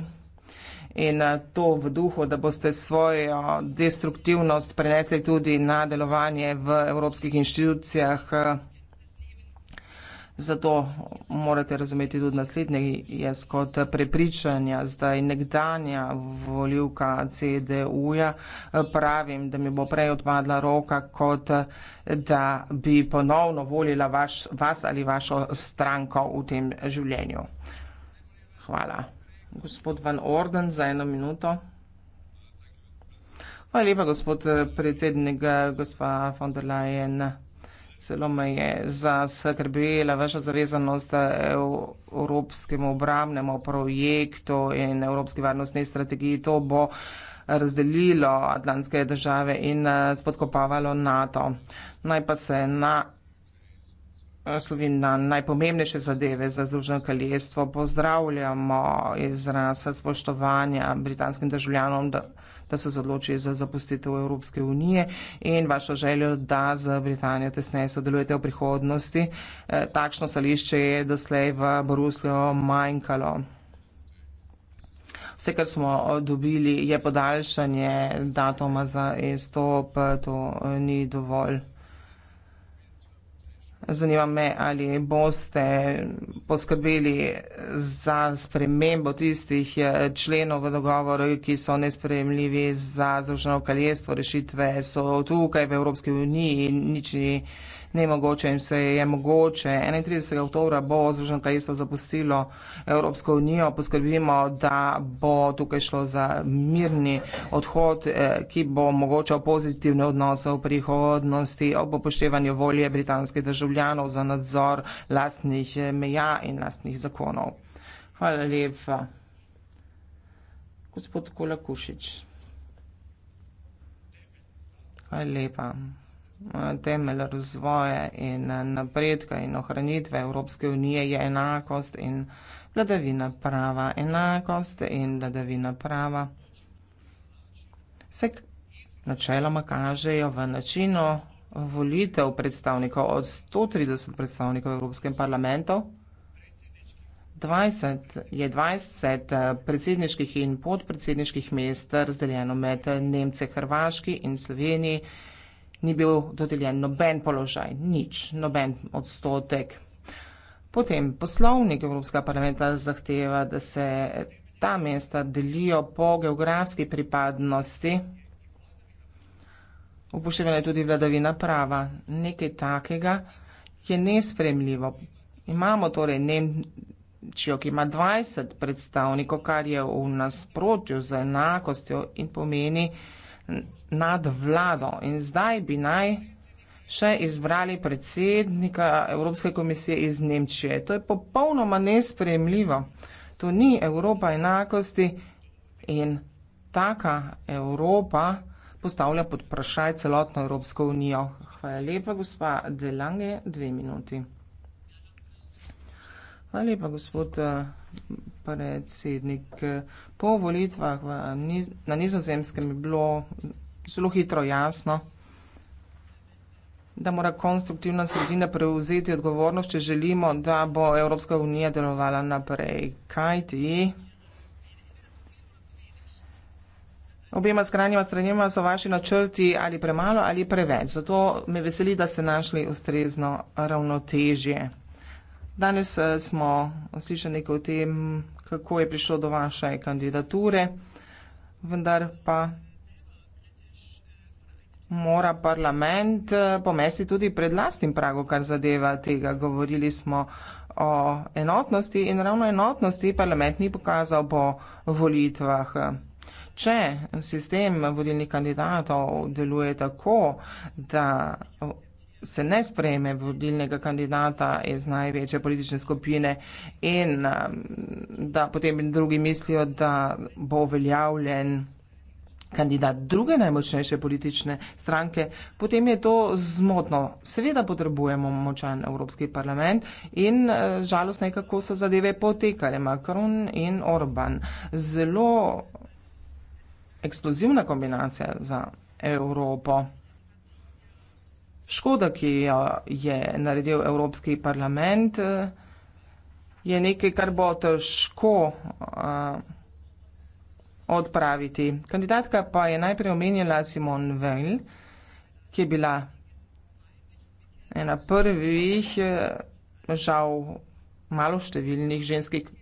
in eh, to v duhu, da boste svojo destruktivnost prenesli tudi na delovanje v evropskih inštitucijah. Eh, zato morate razumeti tudi naslednje, jaz kot prepričanja, zdaj nekdanja voljivka CDU-ja, eh, pravim, da mi bo prej odpadla roka, kot da bi ponovno volila vas ali vašo stranko v tem življenju. Hvala gospod Van Orden za eno minuto. Hvala lepa, gospod eh, predsednik, eh, gospa von der Leyen. Zelo me je zaskrbela vaša zavezanost eh, evropskemu obramnemu projektu in evropski varnostni strategiji. To bo razdelilo atlantske države in spodkopavalo NATO. Naj pa se na Slovenija na najpomembnejše zadeve za Združeno kraljestvo. Pozdravljamo izraz spoštovanja britanskim državljanom, da, da so se odločili za zapustitev Evropske unije in vašo željo, da z Britanijo tesneje sodelujete v prihodnosti. Eh, takšno stališče je doslej v Bruslju manjkalo. Vse, kar smo dobili, je podaljšanje datuma za izstop, to ni dovolj. Zanima me, ali boste poskrbeli za spremembo tistih eh, členov v dogovoru, ki so nespremljivi za zaužnjeno kraljestvo. Rešitve so tukaj v Evropski uniji in nič ni nemogoče in se je mogoče. 31. oktobra bo Združeno kraljestvo zapustilo Evropsko unijo, poskrbimo, da bo tukaj šlo za mirni odhod, eh, ki bo omogočal pozitivne odnose v prihodnosti ob upoštevanju volje britanskih državljanov za nadzor lastnih eh, meja in lastnih zakonov. Hvala lepa. Gospod Kolakušič. Hvala lepa. Eh, temelj razvoja in eh, napredka in ohranitve Evropske unije je enakost in vladavina prava. Enakost in vladavina prava se načeloma kažejo v načinu volitev predstavnikov od 130 predstavnikov Evropskem parlamentu. 20 je 20 eh, predsedniških in podpredsedniških mest razdeljeno med Nemce, Hrvaški in Sloveniji ni bil dodeljen noben položaj, nič, noben odstotek. Potem poslovnik Evropskega parlamenta zahteva, da se ta mesta delijo po geografski pripadnosti, upoštevane tudi vladavina prava. Nekaj takega je nespremljivo. Imamo torej Nemčijo, ki ima 20 predstavnikov, kar je v nasprotju z enakostjo in pomeni, da nad vlado in zdaj bi naj še izbrali predsednika Evropske komisije iz Nemčije. To je popolnoma nespremljivo. To ni Evropa enakosti in taka Evropa postavlja pod vprašaj celotno Evropsko unijo. Hvala lepa, gospa Delange, dve minuti. Hvala lepa, gospod eh, predsednik. Po volitvah niz, na nizozemskem je bilo zelo hitro jasno, da mora konstruktivna sredina prevzeti odgovornost, če želimo, da bo Evropska unija delovala naprej. Kaj ti? Obema skrajnjima stranjima so vaši načrti ali premalo ali preveč. Zato me veseli, da ste našli ustrezno ravnotežje. Danes eh, smo slišali nekaj o tem, kako je prišlo do vaše kandidature, vendar pa mora parlament eh, pomesti tudi pred lastnim prago, kar zadeva tega. Govorili smo o enotnosti in ravno enotnosti parlament ni pokazal po volitvah. Če sistem vodilnih kandidatov deluje tako, da se ne sprejme vodilnega kandidata iz največje politične skupine in um, da potem drugi mislijo, da bo uveljavljen kandidat druge najmočnejše politične stranke, potem je to zmotno. Seveda potrebujemo močan Evropski parlament in uh, žalostno je, kako so zadeve potekale Macron in Orban. Zelo eksplozivna kombinacija za Evropo. Škoda, ki jo je naredil Evropski parlament, je nekaj, kar bo težko eh, odpraviti. Kandidatka pa je najprej omenjala Simon Veil, ki je bila ena prvih, eh, žal malo številnih ženskih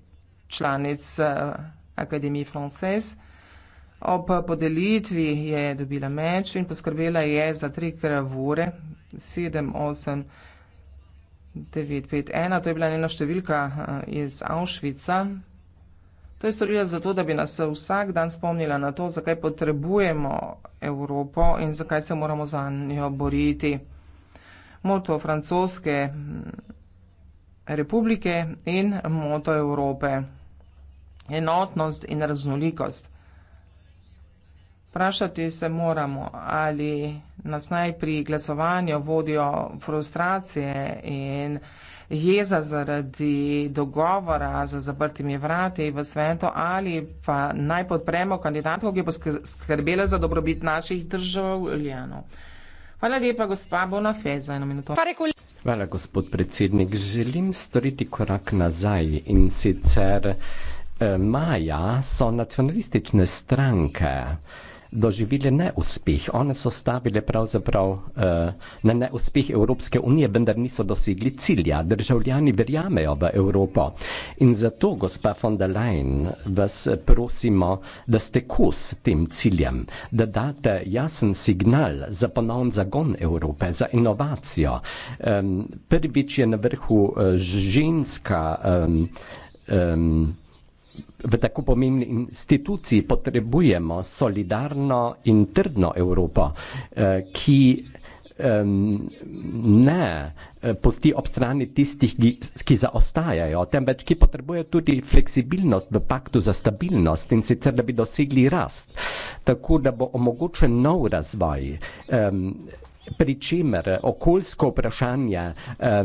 članic eh, Akademije Frances. Ob podelitvi je dobila meč in poskrbela je za tri kravure, sedem, osem, devet, pet, ena, to je bila njena številka eh, iz Avšvica. To je storila zato, da bi nas vsak dan spomnila na to, zakaj potrebujemo Evropo in zakaj se moramo za njo boriti. Moto francoske mm, republike in moto Evrope. Enotnost in raznolikost. Vprašati se moramo, ali nas naj pri glasovanju vodijo frustracije in jeza zaradi dogovora za zabrtimi vrati v svetu ali pa naj podpremo kandidatko, ki bo skrbela za dobrobit naših državljanov. Hvala lepa, gospa Bonafe, za eno minuto. Hvala, gospod predsednik. Želim storiti korak nazaj in sicer eh, maja so nacionalistične stranke doživele neuspeh. One so stavile pravzaprav eh, na neuspeh Evropske unije, vendar niso dosegli cilja. Državljani verjamejo v Evropo. In zato, gospa von der Leyen, vas prosimo, da ste kos tem ciljem, da date jasen signal za ponovn zagon Evrope, za inovacijo. Eh, prvič je na vrhu eh, ženska. Eh, eh, v tako pomembni instituciji potrebujemo solidarno in trdno Evropo, eh, ki ne eh, pusti ob strani tistih, ki zaostajajo, temveč ki potrebuje tudi fleksibilnost v paktu za stabilnost in sicer, da bi dosegli rast, tako da bo omogočen nov razvoj. Pri čemer okoljsko vprašanje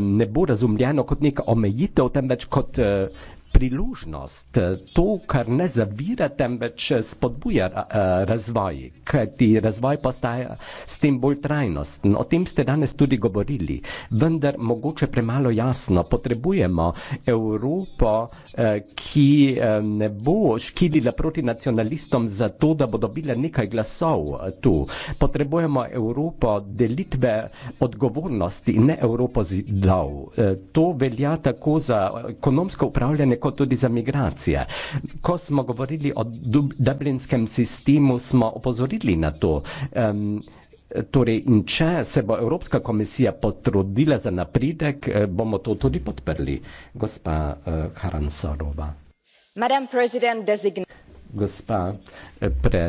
ne bo razumljeno kot neka omejitev, temveč kot eh, priložnost, to, kar ne zavira, temveč spodbuja eh, razvoj, kajti razvoj postaja s tem bolj trajnosten. O tem ste danes tudi govorili, vendar mogoče premalo jasno. Potrebujemo Evropo, eh, ki eh, ne bo škidila proti nacionalistom za to, da bo dobila nekaj glasov tu. Potrebujemo Evropo delitve odgovornosti, ne Evropo zidov. To velja tako za ekonomsko upravljanje, kot tudi za migracije. Ko smo govorili o Dub dublinskem sistemu, smo opozorili na to. Um, torej, če se bo Evropska komisija potrudila za napredek, eh, bomo to tudi podprli. Gospa uh, Haransorova. Gospa eh, pre,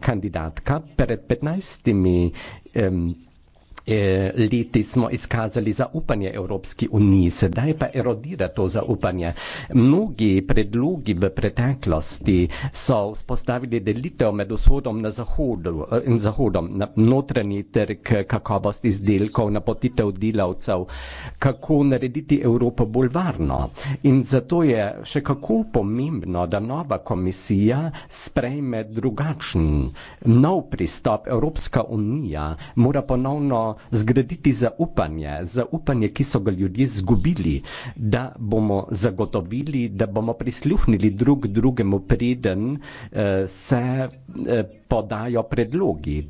kandidatka, pred 15 um, Eh, leti smo izkazali zaupanje Evropski uniji, sedaj pa erodira to zaupanje. Mnogi predlogi v preteklosti so vzpostavili delitev med vzhodom eh, in zahodom, notranji trg, kakovost izdelkov, napotitev delavcev, kako narediti Evropo bolj varno. In zato je še kako pomembno, da nova komisija sprejme drugačen, nov pristop. Evropska unija mora ponovno zgraditi zaupanje, zaupanje, ki so ga ljudje izgubili, da bomo zagotovili, da bomo prisluhnili drug drugemu, preden eh, se. Eh, podajo predlogi,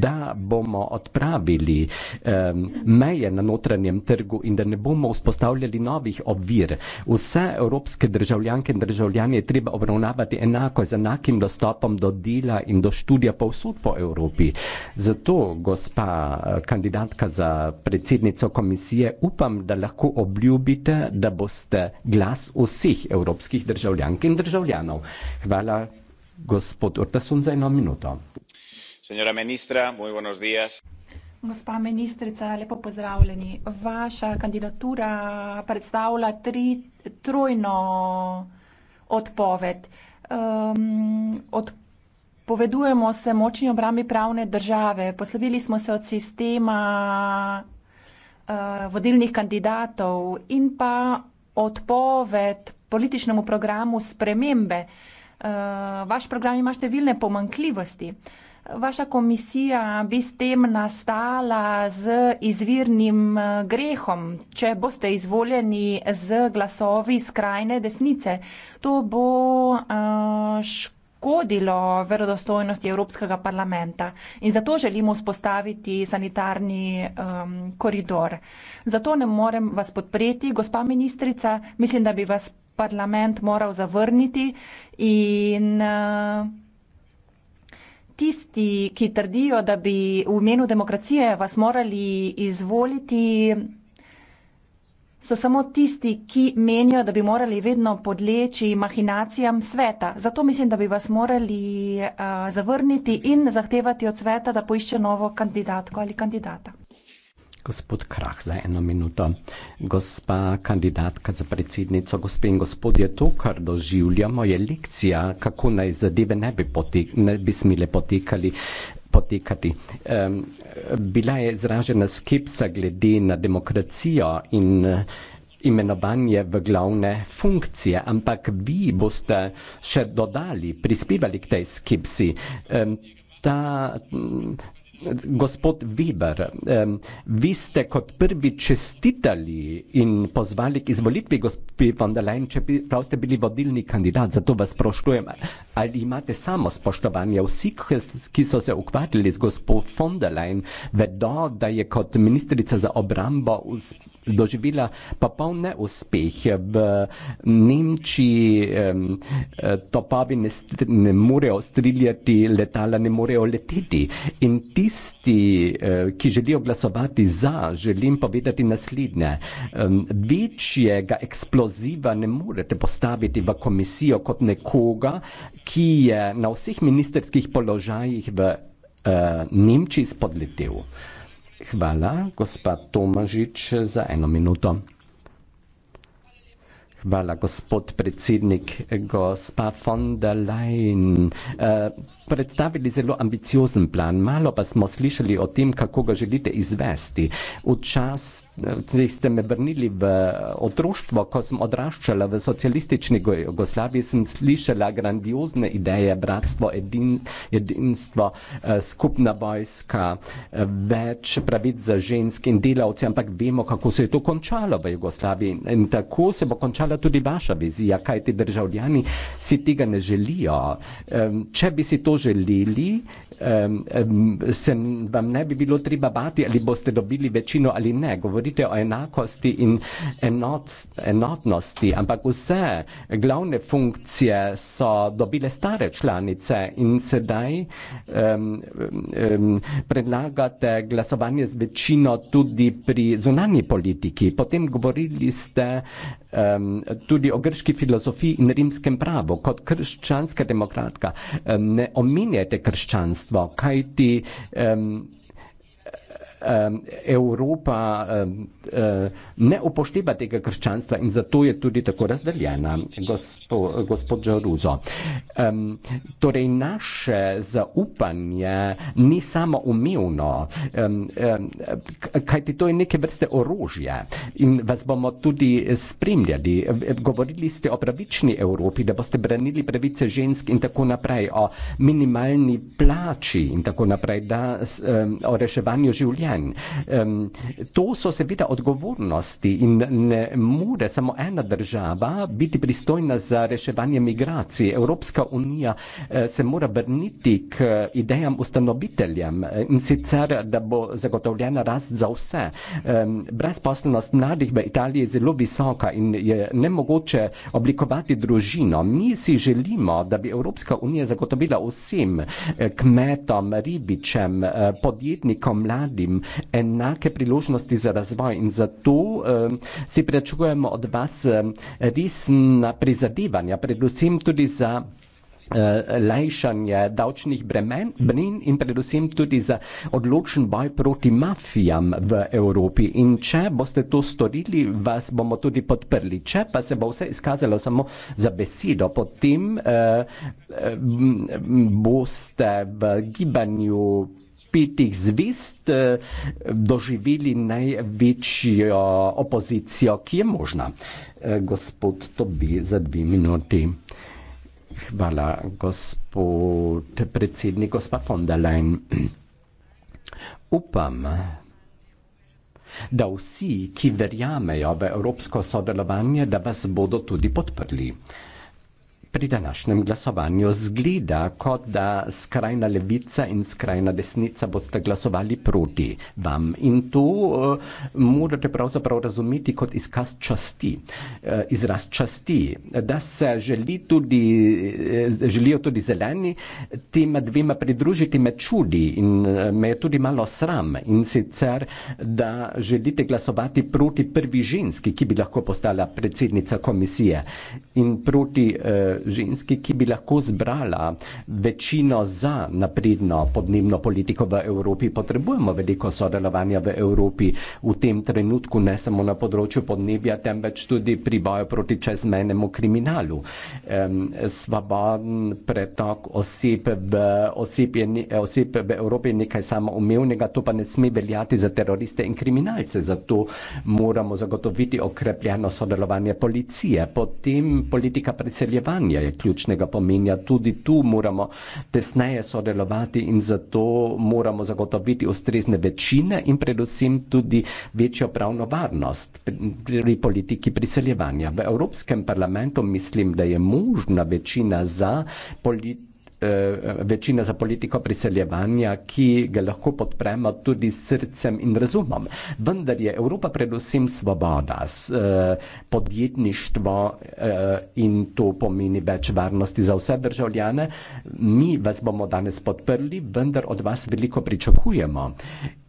da bomo odpravili um, meje na notranjem trgu in da ne bomo vzpostavljali novih ovir. Vse evropske državljanke in državljani je treba obravnavati enako z enakim dostopom do dela in do študija povsod po Evropi. Zato, gospa eh, kandidatka za predsednico komisije, upam, da lahko obljubite, da boste glas vseh evropskih državljank in državljanov. Hvala. Gospa ministrica, lepo pozdravljeni. Vaša kandidatura predstavlja tri, trojno odpoved. Ehm, odpovedujemo se močni obrambi pravne države, poslovili smo se od sistema, eh, vodilnih kandidatov in pa odpoved političnemu programu spremembe. Eh, vaš program ima številne pomankljivosti. Vaša komisija bi s tem nastala z izvirnim eh, grehom, če boste izvoljeni z glasovi skrajne desnice. To bo škodljivo. Uh, eh, škodilo verodostojnosti Evropskega parlamenta in zato želimo vzpostaviti sanitarni um, koridor. Zato ne morem vas podpreti, gospa ministrica, mislim, da bi vas parlament moral zavrniti in uh, tisti, ki trdijo, da bi v imenu demokracije vas morali izvoliti, so samo tisti, ki menijo, da bi morali vedno podleči mahinacijam sveta. Zato mislim, da bi vas morali uh, zavrniti in zahtevati od sveta, da poišče novo kandidatko ali kandidata. Gospod Krah, za eno minuto. Gospa kandidatka za predsednico, gospe in gospodje, to, kar doživljamo, je lekcija, kako naj zadeve ne bi, poti, ne bi smile potekali potekati. Um, bila je izražena skepsa glede na demokracijo in eh, imenovanje v glavne funkcije, ampak vi boste še dodali, prispevali k tej skepsi. Um, ta, Gospod Weber, vi ste kot prvi čestitali in pozvali k izvolitvi gospe von der Leyen, čeprav ste bili vodilni kandidat, zato vas sprašujem, ali imate samo spoštovanje. Vsi, ki so se ukvarjali z gospo von der Leyen, vedo, da je kot ministrica za obrambo doživela popoln neuspeh v Nemčiji, topavi ne, ne morejo streljati, letala ne morejo leteti. In tisti, eh, ki želijo glasovati za, želim povedati naslednje. Večjega eksploziva ne morete postaviti v komisijo kot nekoga, ki je na vseh ministerskih položajih v uh, Nemčiji spodletel. Hvala, gospa Tomažič, za eno minuto. Hvala, gospod predsednik, gospa von der Leyen. Uh, predstavili zelo ambiciozen plan, malo pa smo slišali o tem, kako ga želite izvesti. V čast ste me vrnili v eh, otroštvo, ko sem odraščala v socialistični Jugoslaviji, sem slišala grandiozne ideje, bratstvo, edin, edinstvo, eh, skupna vojska, eh, več pravic za žensk in delavce, ampak vemo, kako se je to končalo v Jugoslaviji. In tako se bo končala tudi vaša vizija, kaj ti državljani si tega ne želijo. Če bi si to želeli, se vam ne bi bilo treba bati, ali boste dobili večino ali ne. Govorim govorite o enakosti in enot, enotnosti, ampak vse glavne funkcije so dobile stare članice in sedaj um, um, predlagate glasovanje z večino tudi pri zunanji politiki. Potem govorili ste um, tudi o grški filozofiji in rimskem pravu. Kot krščanska demokratka um, ne omenjate krščanstvo, kajti um, eh, Evropa eh, eh, ne upošteva tega krščanstva in zato je tudi tako razdeljena, gospo, gospod Žaruzo. Eh, torej, naše zaupanje ni samo umevno, eh, eh, kajti to je neke vrste orožje in vas bomo tudi spremljali. Govorili ste o pravični Evropi, da boste branili pravice žensk in tako naprej, o minimalni plači in tako naprej, da eh, o reševanju življenja en. Um, to so seveda odgovornosti in ne more samo ena država biti pristojna za reševanje migracij. Evropska unija eh, se mora vrniti k eh, idejam ustanoviteljem eh, in sicer, da bo zagotovljena rast za vse. Um, brezposlenost mladih v Italiji je zelo visoka in je nemogoče oblikovati družino. Mi si želimo, da bi Evropska unija zagotovila vsem eh, kmetom, ribičem, eh, podjetnikom, mladim, enake priložnosti za razvoj in zato um, si pričakujemo od vas um, resna prizadevanja, predvsem tudi za eh, lajšanje davčnih bremen brin in predvsem tudi za odločen boj proti mafijam v Evropi. In če boste to storili, vas bomo tudi podprli. Če pa se bo vse izkazalo samo za besedo, potem eh, boste v gibanju petih zvest eh, doživeli največjo opozicijo, ki je možna. Eh, gospod Tobi, za dve minuti. Hvala, gospod predsednik, gospa von der Leyen. Upam, da vsi, ki verjamejo v evropsko sodelovanje, da vas bodo tudi podprli. Pri današnjem glasovanju zgleda, kot da skrajna levica in skrajna desnica boste glasovali proti vam. In to uh, eh, morate pravzaprav razumeti kot izkaz časti, uh, izraz časti, da se želi tudi, uh, želijo tudi zeleni tema dvema pridružiti med čudi in uh, me je tudi malo sram in sicer, da želite glasovati proti prvi ženski, ki bi lahko postala predsednica komisije in proti uh, ženski, ki bi lahko zbrala večino za napredno podnebno politiko v Evropi. Potrebujemo veliko sodelovanja v Evropi v tem trenutku, ne samo na področju podnebja, temveč tudi pri boju proti čezmenemu kriminalu. Ehm, svoboden pretok oseb v, oseb je, oseb v Evropi je nekaj samoumevnega, to pa ne sme veljati za teroriste in kriminalce. Zato moramo zagotoviti okrepljeno sodelovanje policije. Potem politika predseljevanja. Slovenija je ključnega pomenja. Tudi tu moramo tesneje sodelovati in zato moramo zagotoviti ustrezne večine in predvsem tudi večjo pravno varnost pri politiki priseljevanja. V Evropskem parlamentu mislim, da je možna večina za politiko. Eh, večina za politiko priseljevanja, ki ga lahko podpremo tudi s srcem in razumom. Vendar je Evropa predvsem svoboda, eh, podjetništvo eh, in to pomeni več varnosti za vse državljane. Mi vas bomo danes podprli, vendar od vas veliko pričakujemo.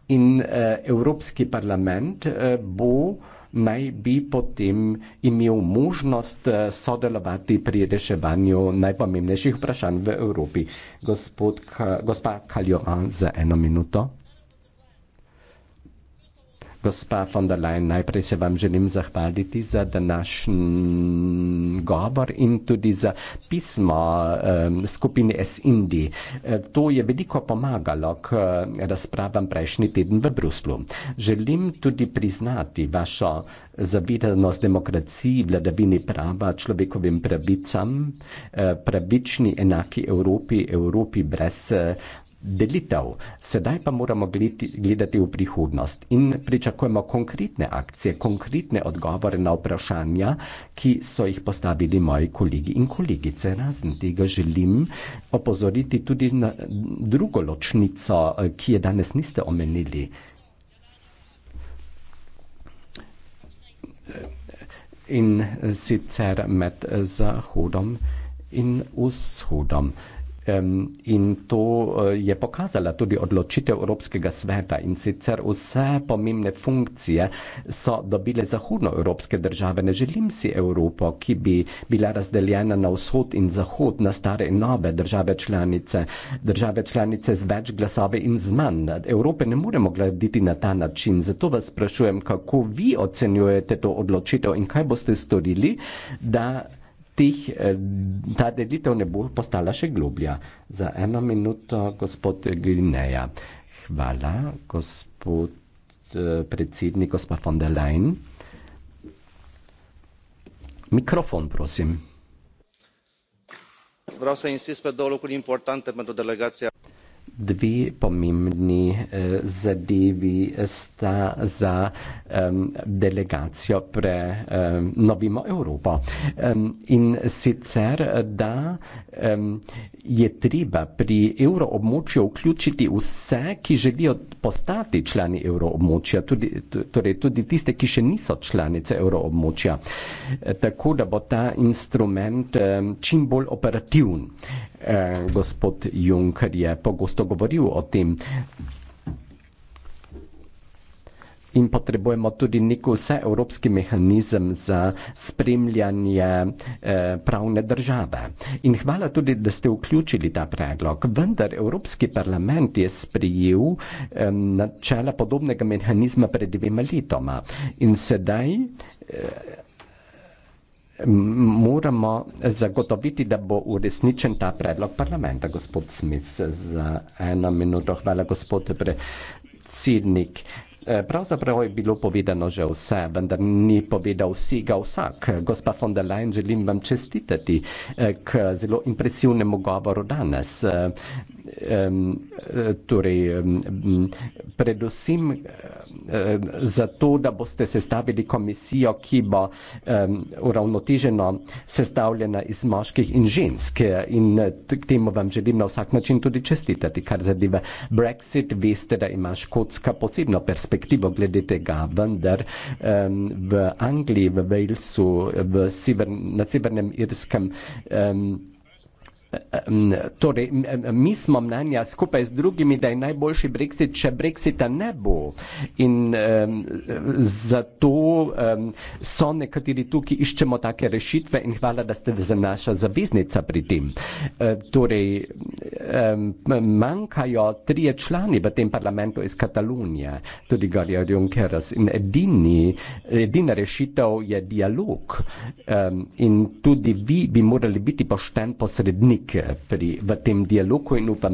In Evropski parlament bo naj bi potem imel možnost eh, sodelovati pri reševanju najpomembnejših vprašanj v Evropi. Gospod, gospa Kaljoan, za eno minuto. Gospa von der Leyen, najprej se vam želim zahvaliti za današnji govor in tudi za pismo um, skupine S-Indi. E, to je veliko pomagalo k eh, razpravam prejšnji teden v Bruslu. Želim tudi priznati vašo zavidanost demokraciji, vladavini prava, človekovim pravicam, e, pravični enaki Evropi, Evropi brez. E, delitev, sedaj pa moramo gledati v prihodnost in pričakujemo konkretne akcije, konkretne odgovore na vprašanja, ki so jih postavili moji kolegi in kolegice. Razen tega želim opozoriti tudi na drugo ločnico, ki je danes niste omenili. In sicer med Zahodom in Vzhodom. In to eh, je pokazala tudi odločitev Evropskega sveta in sicer vse pomembne funkcije so dobile zahodno evropske države. Ne želim si Evropo, ki bi bila razdeljena na vzhod in zahod, na stare in nove države članice, države članice z več glasove in z manj. Evrope ne moremo graditi na ta način. Zato vas sprašujem, kako vi ocenjujete to odločitev in kaj boste storili, da teh, eh, ta delitev ne bo postala še globlja. Za eno minuto, gospod Gineja. Hvala, gospod eh, predsednik, gospa von der Leyen. Mikrofon, prosim. Vreau să insist pe două lucruri importante pentru delegația dve pomembni eh, zadevi sta za eh, delegacijo pre eh, Novimo Evropo. Eh, in sicer, da eh, je treba pri evroobmočju vključiti vse, ki želijo postati člani evroobmočja, tudi, torej tudi tiste, ki še niso članice evroobmočja, e, tako da bo ta instrument e, čim bolj operativen. E, gospod Juncker je pogosto govoril o tem. In potrebujemo tudi nek vseevropski mehanizem za spremljanje eh, pravne države. In hvala tudi, da ste vključili ta predlog. Vendar Evropski parlament je sprijel eh, načela podobnega mehanizma pred dvema letoma. In sedaj eh, moramo zagotoviti, da bo uresničen ta predlog parlamenta. Gospod Smith, za eno minuto. Hvala, gospod predsednik. Eh, pravzaprav je bilo povedano že vse, vendar ni povedal vsi ga vsak. Gospa von der Leyen, želim vam čestitati eh, k zelo impresivnemu govoru danes. Eh, torej, predvsem zato, da boste sestavili komisijo, ki bo uravnoteženo sestavljena iz moških in žensk. In k temu vam želim na vsak način tudi čestitati. Kar zadeva Brexit, veste, da ima Škotska posebno perspektivo perspektivo glede tega, vendar um, v Angliji, v Walesu, v Sibern, na Severnem Irskem um, Torej, mi smo mnenja skupaj z drugimi, da je najboljši brexit, če brexita ne bo. In um, zato um, so nekateri tukaj iščemo take rešitve in hvala, da ste za naša zaveznica pri tem. Uh, torej, um, manjkajo trije člani v tem parlamentu iz Katalonije, tudi Garja Junkeras. In edini, edina rešitev je dialog. Um, in tudi vi bi morali biti pošten posrednik premik pri, v tem dialogu in upam,